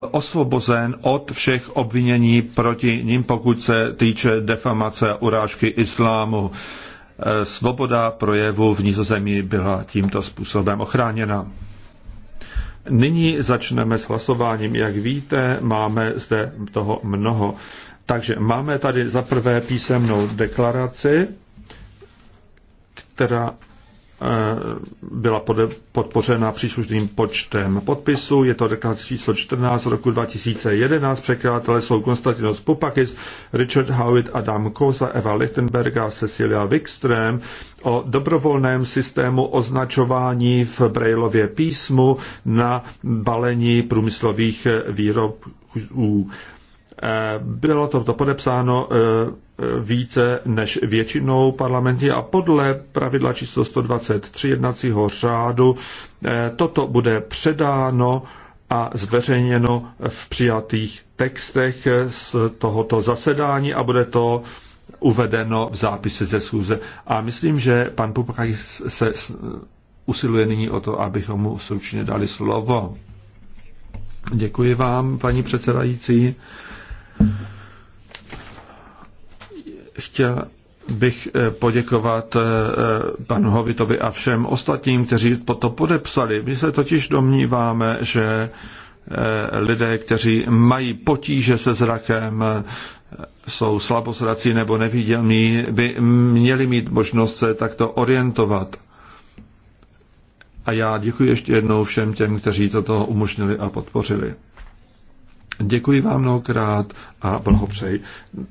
osvobozen od všech obvinění proti ním, pokud se týče defamace a urážky islámu. E, svoboda projevu v Nizozemí byla tímto způsobem ochráněna. Nyní začneme s hlasováním. Jak víte, máme zde toho mnoho. Takže máme tady za prvé písemnou deklaraci, která Eh, byla podpořena příslušným počtem podpisů. Je to deklarace číslo 14 roku 2011. Překladatelé jsou Konstantinos Pupakis, Richard Howitt, Adam Koza, Eva Lichtenberg a Cecilia Wikström o dobrovolném systému označování v Brailově písmu na balení průmyslových výrobků. Eh, bylo to, to podepsáno eh, eh, více než většinou parlamentní a podle pravidla číslo 123 jednacího řádu toto bude předáno a zveřejněno v přijatých textech z tohoto zasedání a bude to uvedeno v zápise ze schůze. A myslím, že pan Pupakaj se usiluje nyní o to, abychom mu stručně dali slovo. Děkuji vám, paní předsedající. Chtěl bych eh, poděkovat eh, eh, panu Hovitovi a všem ostatním, kteří to podepsali. My se totiž domníváme, že lidé, kteří mají potíže se zrakem, jsou slabozrací nebo nevidělní, by měli mít možnost se takto orientovat. A já děkuji ještě jednou všem těm, kteří toto umožnili a podpořili. Děkuji vám mnohokrát a blahopřeji.